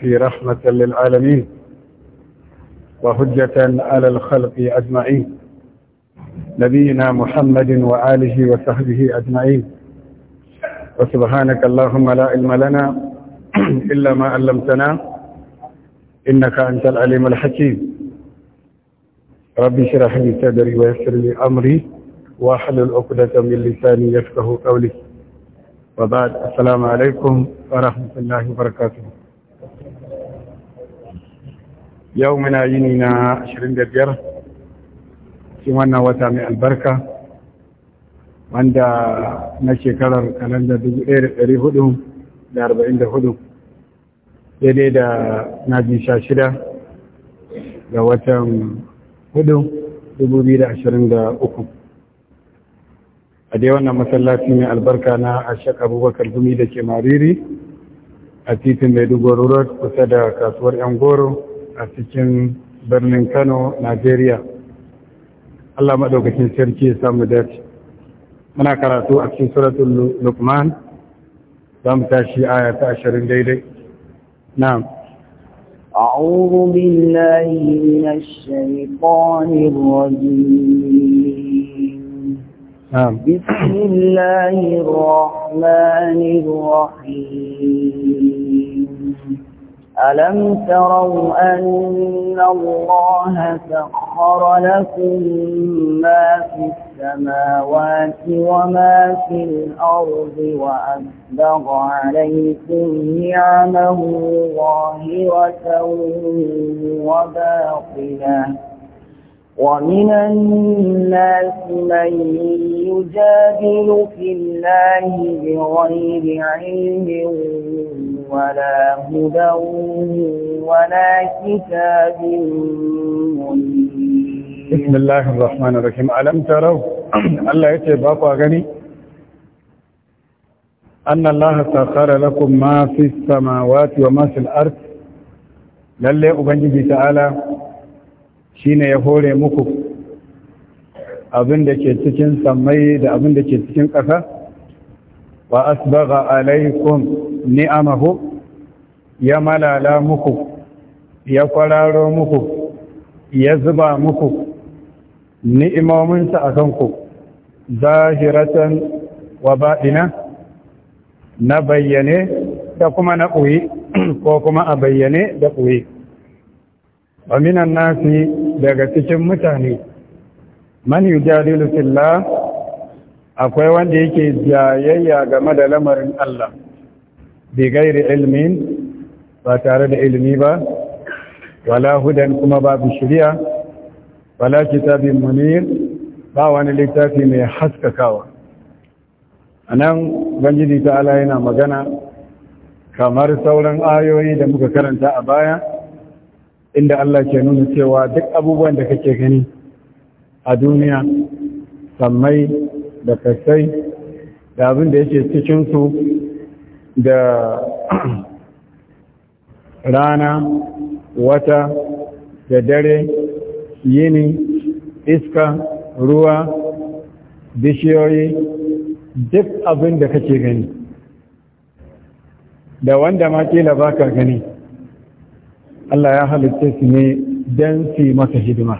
في رحمة للعالمين وهجة على الخلق أجمعين نبينا محمد وآله وصحبه أجمعين وسبحانك اللهم لا علم لنا إلا ما علمتنا إنك أنت العليم الحكيم ربي اشرح لي صدري ويسر لي أمري واحلل عقدة من لساني يفقه قولي وبعد السلام عليكم ورحمة الله وبركاته yau muna yini na 25 cikin wannan wata mai albarka wanda na shekarar kalanda 1444 daidai da na ji sha shida ga watan 4 2023 a dai wannan masallaci mai albarka na ashek abubakar gumi da ke mariri a titin maiduguri road kusa da kasuwar yan goro a cikin birnin Kano, Najeriya. Allah maɗaukacin sarki ya samu dace. Muna karatu a cikin suratun Luqman za mu tashi aya ta ashirin daidai. Na'am. أعوذ بالله من الشيطان الرجيم بسم الله الرحمن الرحيم ألم تروا أن الله سخر لكم ما في السماوات وما في الأرض وأسبغ عليكم نعمه ظاهرة وباطنة ومن الناس من يجادل في الله بغير علم ولا هدى ولا كتاب منير بسم الله الرحمن الرحيم ألم تروا الله يتبقى غني أن الله سخر لكم ما في السماوات وما في الأرض للي أبنجي تعالى shine ya hore muku abin da ke cikin sammai da abin da ke cikin ƙasa wa asbagha alaikum ni'amahu ya malala muku ya kwararo muku ya zuba muku ni'imominsa a kanku zahiratan wa ba'ina na bayyane da kuma na ɓoye ko kuma a bayyane da ɓoye wa minan nasi daga cikin mutane man yujadilu fillah akwai wanda yake jayayya game da lamarin Allah bi gairi ilmin ba tare da ilimi ba wala hudan kuma babu shari'a wala kitabin munir ba wani littafi mai haskakawa anan ubangiji ta Allah yana magana kamar sauran ayoyi da muka karanta a baya inda Allah ke nuna cewa duk abubuwan da kake gani a duniya sammai da kasai da abin da yake cikinsu da rana wata da dare yini iska ruwa bishiyoyi duk abin da kake gani da wanda ma kila baka gani Allah ya halitta su ne don su maka hidima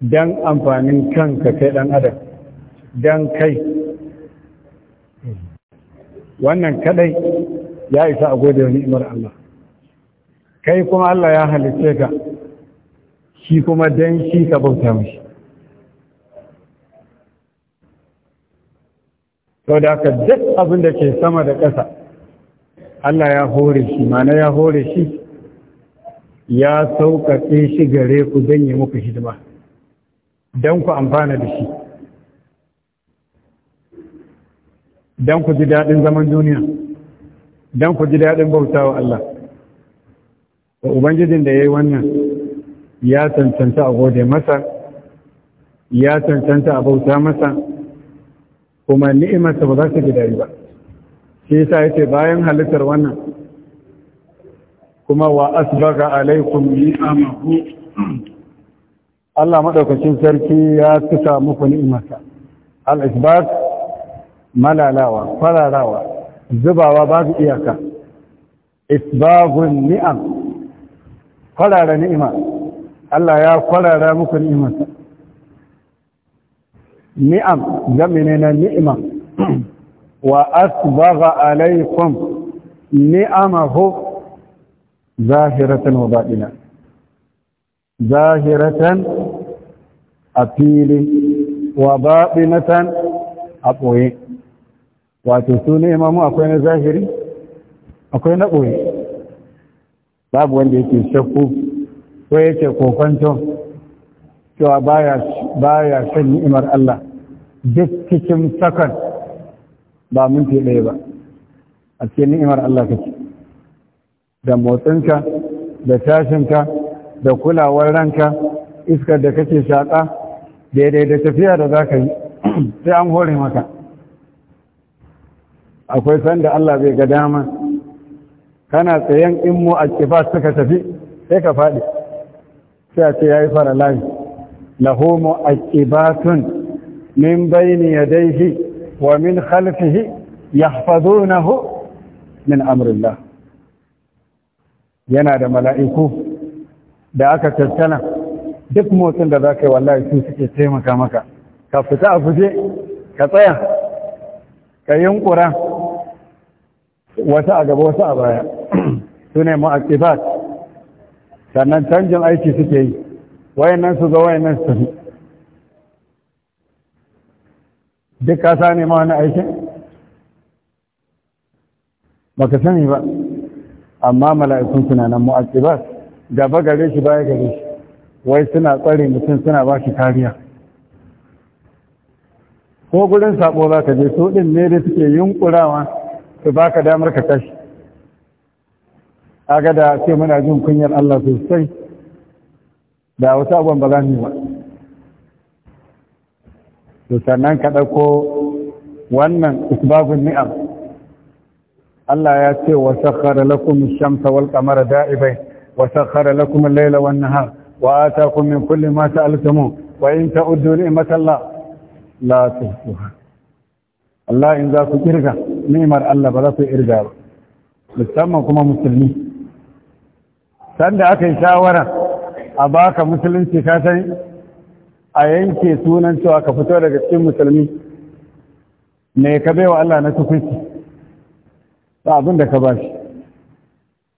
don amfanin kanka kai ɗan adam don kai wannan kadai ya isa a gode wani imar Allah kai kuma Allah ya halitta ka shi kuma don shi ka bauta mashi sau da aka duk abin da ke sama da ƙasa Allah ya hore shi mana ya hore shi ya sauƙaƙe shi gare ku don yi muku hidima don ku amfana da shi don ku ji daɗin zaman duniya don ku ji daɗin bauta wa Allah da ubangijin da ya yi wannan ya cancanta a gode masa ya cancanta a bauta masa kuma ni'imarsa ba za su ji daɗi ba shi sa yake bayan halittar wannan kuma wa asbaga alaikum ni'amahu Allah madaukakin sarki ya tuka muku ni'imarsa al-isbat malalawa fararawa zubawa babu iyaka isbabun ni'am farara ni'ima Allah ya farara muku ni'imarsa ni'am zamine na ni'ima wa asbaga alaikum ni'amahu zahiratan wa baɗina zahiratan a fili wa baɗinatan a ɓoye wato su ne imamu akwai na zahiri akwai na ɓoye babu wanda yake shakku ko yake kokwanto cewa baya shan ni'imar Allah duk cikin sakan ba minti ɗaya ba a cikin ni'imar Allah kake da motsinka da tashinka da kulawar ranka iskar da kake shaƙa daidai da tafiya da za ka yi sai an hore maka akwai sanda Allah zai ga dama kana tsayen in a kifa suka tafi sai ka faɗi sai a ce ya yi fara layi lahomo a kibatun min bayani ya daihi wa min khalfihi ya min amrillah yana da mala'iku da aka tattana duk motsin da za ka yi wallahi su suke taimaka maka ka fita a fuje ka tsaya ka ƙura wasu a gaba wasu a baya su ne ma'aƙifat sannan canjin aiki suke yi wayannan su ga wayannan su tafi duk ka sa ne ma wani aikin ba ka sani ba amma mala'ikun suna nan mu'aqibat gaba gare shi baya gare shi wai suna tsare mutum suna ba shi kariya ko gurin sabo za ka je su ɗin ne da suke yunkurawa su ka damar ka tashi aga da ce muna jin kunyar Allah sosai da wasu abubuwan ba za mu ba to sannan ka ɗauko wannan isbabun ni'am Allah ya ce wa sakhara lakum ash-shamsa wal qamara da'ibai wa sakhara lakum al-layla wan nahar wa ataakum min kulli ma sa'altum wa in ta'uddu ni'matallah la tuhsuha Allah in za ku kirga ni'mar Allah ba za ku irga ba musamman kuma musulmi sanda aka yi shawara a baka musulunci ka san a yanke sunan cewa ka fito daga cikin musulmi me ka baiwa Allah na tukunci ba abin da ka ba shi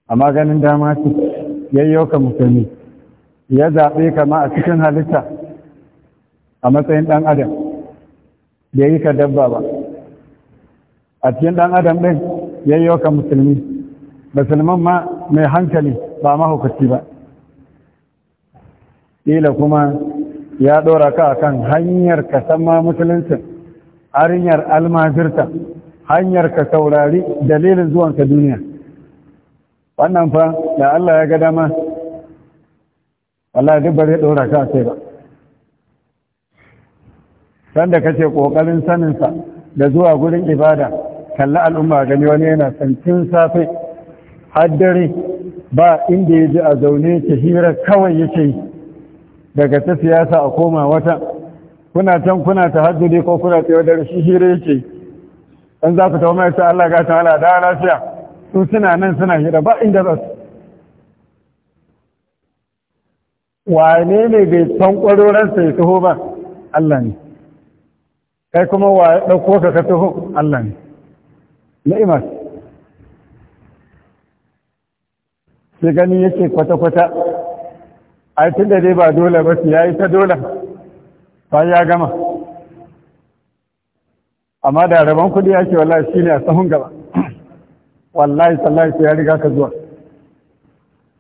amma ganin dama ce yayyo ka musulmi ya zaɓe ka ma a cikin halitta a matsayin ɗan adam da yi ka dabba ba a cikin ɗan adam ɗin yayyo ka musulmi musulman ma mai hankali ba mahaukaci ba ƙila kuma ya ɗora ka akan hanyar ka san ma musulunci hanyar almajirta hanyar ka saurari dalilin zuwanka duniya wannan fa da Allah ya ga dama Allah duk bare dora ka sai ba sanda kace kokarin sanin sa da zuwa gurin ibada kalla al'umma gani wani yana tun safe haddare ba inda yaji a zaune ke hira kawai yake daga ta siyasa a koma wata kuna can kuna tahajjudi ko kuna tsaye da shi hira yake in za ku tawo mai sai Allah ga ta hala da lafiya su suna nan suna hira ba inda za su wane ne bai san ƙwaroransa sai taho ba Allah ne kai kuma wa ɗauko ka ka taho Allah ne na'ima sai gani yake kwata-kwata a tun da dai ba dole ba su ya yi ta dole ba ya gama amma da rabon kudi ya ce wallahi ne a sahun gaba wallahi sallahi sai ya riga ka zuwa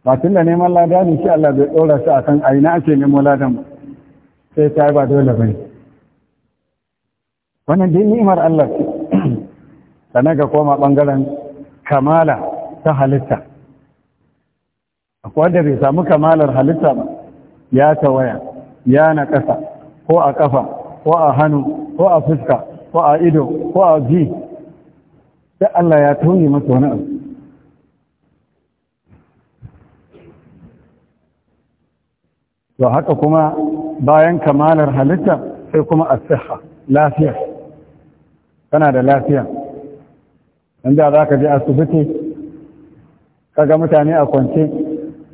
ba tun da neman lada ne shi Allah bai ɗora shi kan aina ake nemo ladan ba sai ta yi ba dole ba ne wannan dai ni'imar Allah ce sannan ga koma ɓangaren kamala ta halitta akwai wanda bai samu kamalar halitta ba ya tawaya ya na ƙasa ko a ƙafa ko a hannu ko a fuska ko a ido ko a ji sai Allah ya tauye masa wani abu to haka kuma bayan kamalar halitta sai kuma asiha lafiya kana da lafiya inda za ka je asibiti kaga mutane a kwance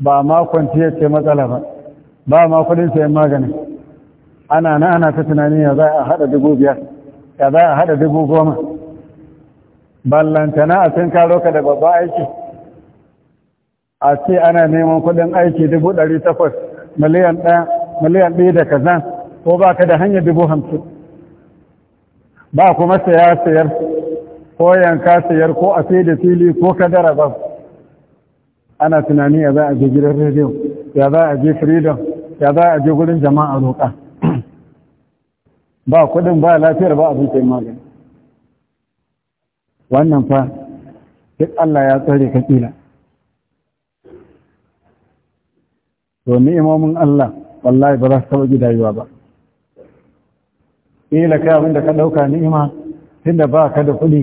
ba ma ya ce matsala ba ba ma kudin sayan magani ana na ana ta tunani ya za a haɗa dubu biyar ya za a haɗa dubu goma ballantana a sun karo ka da babba aiki a ce ana neman kudin aiki dubu ɗari takwas miliyan ɗaya miliyan ɗaya da kaza ko ba ka da hanyar dubu hamsin ba kuma saya sayar ko yanka sayar ko a sai da fili ko kadara ba ana tunani ya za a je gidan rediyo ya za a je freedom ya za a je gurin jama'a roƙa ba kudin ba lafiyar ba abin sai magani wannan fa duk Allah ya tsare ka kila to ni'imomin Allah wallahi ba za su taɓa gidayuwa ba kila kai abin da ka ɗauka ni'ima tunda ba ka da kuɗi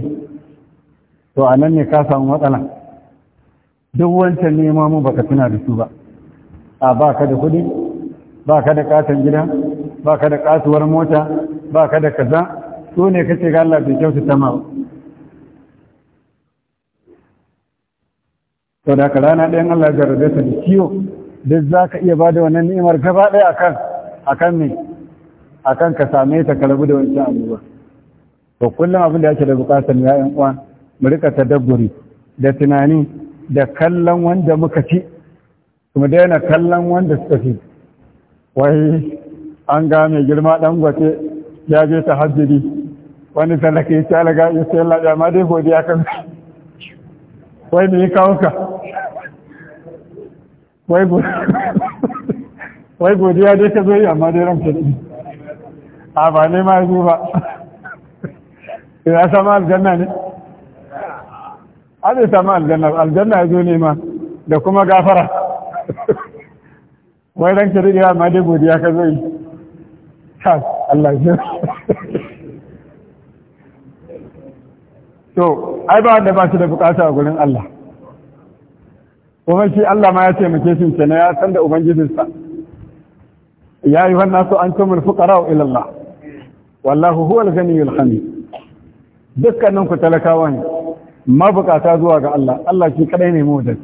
to a nan ne ka samu matsala duk wancan ni'imomin baka tuna da su ba a ba ka da kuɗi ba ka da katon gida ba ka da kasuwar mota ba ka da kaza so ne kace ga Allah bai kyauta ta ma to da ka rana ɗayan Allah jarrabe ta da ciwo duk za ka iya ba da wannan ni'imar gaba ɗaya akan akan ne akan ka same ta ka rabu da wancan abubuwa to kullum abin da yake da bukatar ya'yan uwa mu rika tadabburi da tunani da kallon wanda muka ci kuma daina kallon wanda suka fi wai an ga mai girma dan gwate ya je ta hajjiri wani talaka ya ce alaga ya sayi laɗa ma dai godiya kan wai ne ya kawo ka wai godiya dai ka zo yi amma dai ranka ɗi a ba ne ma yi ba ya sama aljanna ne an yi sama aljanna aljanna ya zo ne ma da kuma gafara wai ranka ya amma dai godiya ka zo yi Allah ya to ai ba wanda ba shi da bukata a gurin Allah kuma shi Allah ma ya ce muke shi ne, ya san da ubangijinsa ya yi wannan so an tumul fukara wa ilallah. wallahu huwal ghaniyul hamid dukkanin ku talakawa ne mabukata zuwa ga Allah Allah shi kadai ne mu da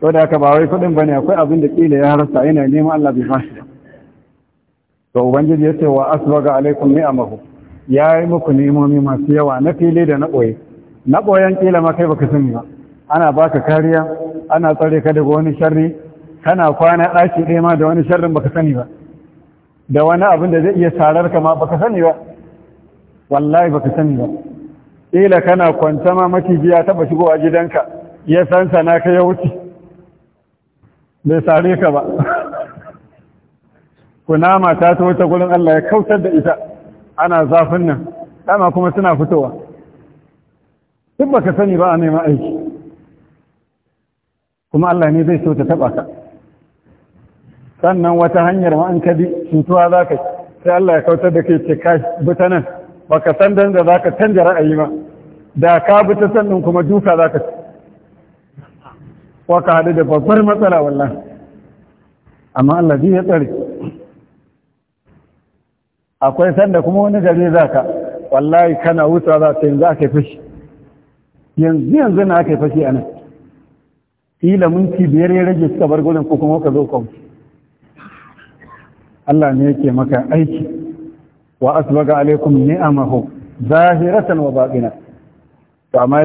to da haka ba ne bane akwai abin da kila ya rasa yana neman Allah bai fashi to ubangiji yace wa asbaga alaikum ni'amahu yayi muku ni'imomi masu yawa na fili da na boye na boyen kila ma kai baka sani ba ana baka kariya ana tsare ka daga wani sharri kana kwana daki ɗaya ma da wani sharrin baka sani ba da wani abin da zai iya sarar ka ma baka sani ba wallahi baka sani ba kila kana kwanta ma ta ba shigo a gidanka ya san sana ka ya wuce bai sare ka ba kunama ta ta wata gurin Allah ya kautar da ita ana zafin nan dama kuma suna fitowa duk baka sani ba a nema aiki kuma Allah ne zai so ta taba ka sannan wata hanyar ma'an an kadi cutuwa za ka sai Allah ya kautar da kai ce kai buta nan baka san dan da za ka canja ra'ayi ba da ka buta sannan kuma duka za ka waka haɗu da babbar matsala wallah amma Allah zai ya tsare akwai sanda kuma wani gari za ka wallahi kana wuta za ta yanzu aka yi fashi yanzu yanzu na aka yi fashi a nan ila minti biyar ya rage suka bar gudun ko kuma ka zo kwamfi Allah ne yake maka aiki wa asbaga alaikum ni'amahu zahiratan wa batina to amma